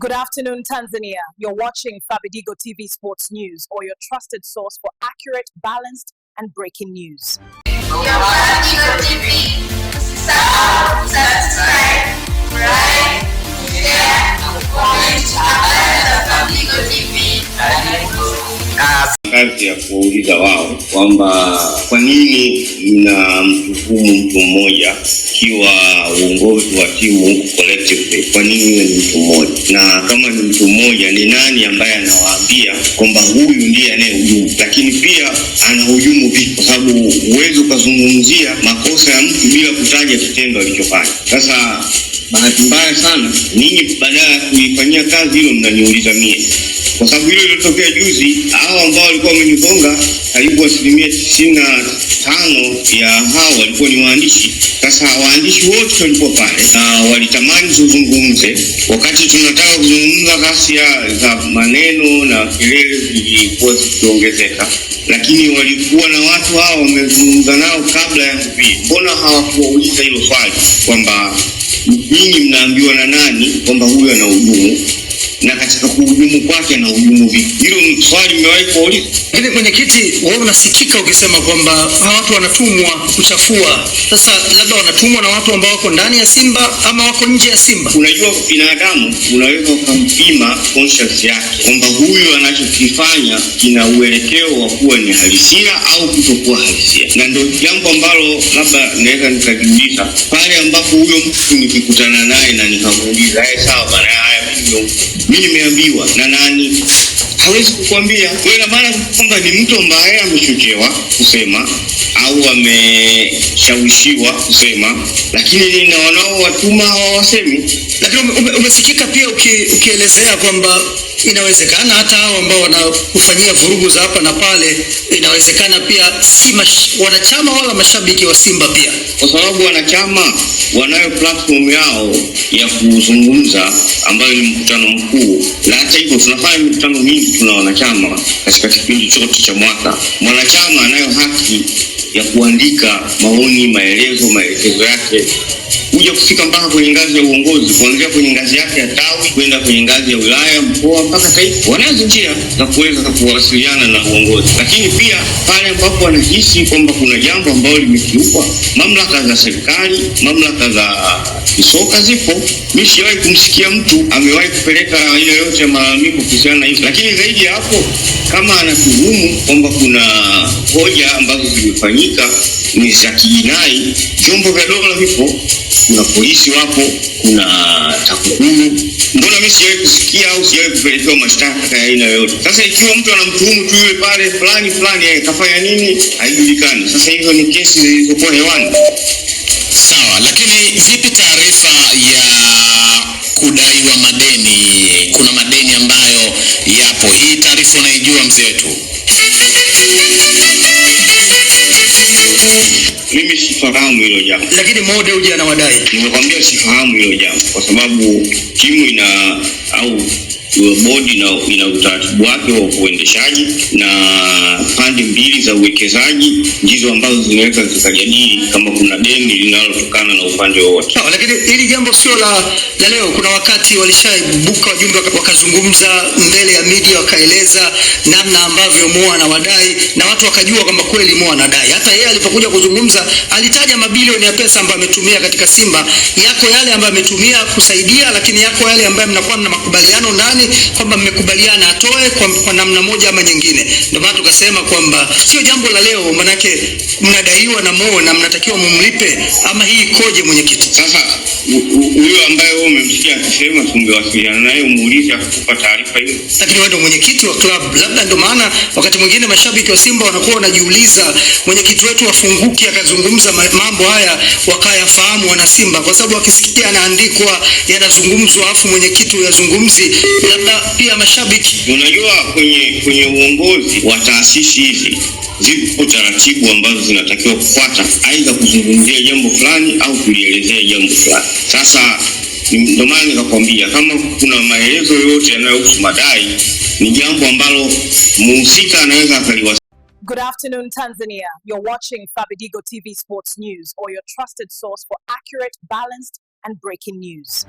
Good afternoon, Tanzania. You're watching Fabidigo TV Sports News or your trusted source for accurate, balanced, and breaking news. kazi ya kuuliza wao kwamba kwa nini mna mtuhumu mtu mmoja kiwa uongozi wa timu huku collectively, kwa nini ni mtu mmoja? Na kama ni mtu mmoja, ni nani ambaye anawaambia kwamba huyu ndiye anayehujumu? Lakini pia anahujumu vipi? Kwa sababu huwezi ukazungumzia makosa ya mtu bila kutaja kitendo alichofanya. Sasa bahati mbaya sana, ninyi badala ya kuifanyia kazi hilo, mnaniuliza mie kwa sababu hili lilotokea juzi, hao ambao walikuwa wamenigonga karibu asilimia tisini na tano ya hao walikuwa ni waandishi. Sasa waandishi wote walikuwa pale na walitamani tuzungumze, wakati tunataka kuzungumza, ghasia za maneno na kelele zilikuwa zikiongezeka, lakini walikuwa na watu hao wamezungumza nao kabla ya kupia. Mbona hawakuwauliza hilo swali kwamba nyinyi mnaambiwa na nani kwamba huyu ana hudumu? na katika kuhudumu kwake na hudumu vipi? Hilo swali mmewahi kuuliza? Lakini mwenyekiti, wewe unasikika ukisema kwamba watu wanatumwa kuchafua. Sasa labda wanatumwa na watu ambao wako ndani ya Simba ama wako nje ya Simba. Unajua binadamu unaweza ukampima conscience yake kwamba huyu anachokifanya kina uelekeo wa kuwa ni halisia au kutokuwa halisia, na ndio jambo ambalo labda naweza nikajiuliza pale ambapo huyo mtu nikikutana naye na nikamuuliza, eh, sawa bana, haya hivyo. Mimi nimeambiwa na nani? Hawezi kukwambia wewe, na maana kwamba ni mtu ambaye amechochewa kusema au ameshawishiwa kusema, lakini na wanaowatuma hawawasemi. Lakini ume, umesikika pia uki, ukielezea kwamba inawezekana hata hao ambao wanakufanyia vurugu za hapa na pale, inawezekana pia si mash, wanachama wala mashabiki wa Simba pia, kwa sababu wanachama wanayo platform yao ya kuzungumza ambayo ni mkutano mkuu. Na hata hivyo tunafanya mikutano mingi, tuna wanachama katika kipindi chote cha mwaka. Mwanachama anayo haki ya kuandika maoni, maelezo, maelekezo yake kuja kufika mpaka kwenye ngazi ya uongozi, kuanzia kwenye ngazi yake ya tawi kwenda kwenye ngazi ya wilaya, mkoa, mpaka taifa. Wanazo njia za kuweza kuwasiliana na uongozi, lakini pia pale ambapo wanahisi kwamba kuna jambo ambalo limekiukwa, mamlaka za serikali, mamlaka za kisoka zipo. Mimi siwahi kumsikia mtu amewahi kupeleka aina yote ya malalamiko kuhusiana na hizo, lakini zaidi ya hapo, kama anatuhumu kwamba kuna hoja ambazo zimefanyika ni za kijinai, vyombo vya dola vipo, kuna polisi wapo, kuna TAKUKURU. Mbona mimi sijawahi kusikia au sijawahi kupelekewa mashtaka ya aina yoyote? Sasa ikiwa mtu anamtuhumu tu yule pale fulani fulani, yeye kafanya nini haijulikani. Sasa hizo ni kesi zilizokuwa hewani, sawa, lakini vipi taarifa ya kudaiwa madeni? Kuna madeni ambayo yapo, hii taarifa unaijua mzee wetu? Mimi sifahamu hilo jambo. Lakini Mode uje anawadai. Nimekwambia sifahamu hilo jambo kwa sababu timu ina au bodi ina utaratibu wake wa kuendeshaji na pande mbili za uwekezaji ndizo ambazo zinaweza zikajadili kama kuna deni linalotokana na upande wowote. No, lakini hili jambo sio la, la leo. Kuna wakati walishaibuka wajumbe wakazungumza mbele ya media wakaeleza namna ambavyo Mo anawadai na watu wakajua kwamba kweli Mo anadai. Hata yeye alipokuja kuzungumza alitaja mabilioni ya pesa ambayo ametumia katika Simba, yako yale ambayo ametumia kusaidia, lakini yako yale ambayo mnakuwa mna makubaliano nani kwamba mmekubaliana atoe kwa, kwa namna moja ama nyingine. Ndio maana tukasema kwamba kwamba sio jambo la leo, manake mnadaiwa na Mo na mnatakiwa mumlipe, ama hii ikoje, mwenyekiti? Sasa umemsikia akisema, tumewasiliana naye, umuulize akupa taarifa hiyo. Lakini wewe ndio mwenyekiti wa klabu, labda ndio maana wakati mwingine mashabiki wa Simba wanakuwa wanajiuliza, mwenyekiti wetu afunguki akazungumza mambo haya wakayafahamu wana Simba, kwa sababu akisikia anaandikwa yanazungumzwa, afu mwenyekiti uyazungumzi, labda pia mashabiki. Unajua, kwenye kwenye uongozi wa taasisi hizi zipo taratibu ambazo zinatakiwa kufuata, aidha kuzungumzia jambo fulani au kulielezea jambo fulani. Sasa ndio maana nikakwambia kama kuna maelezo yoyote yanayohusu madai ni jambo ambalo muhusika anaweza akaliwa. Good afternoon, Tanzania. You're watching Fabidigo TV Sports News or your trusted source for accurate, balanced and breaking news.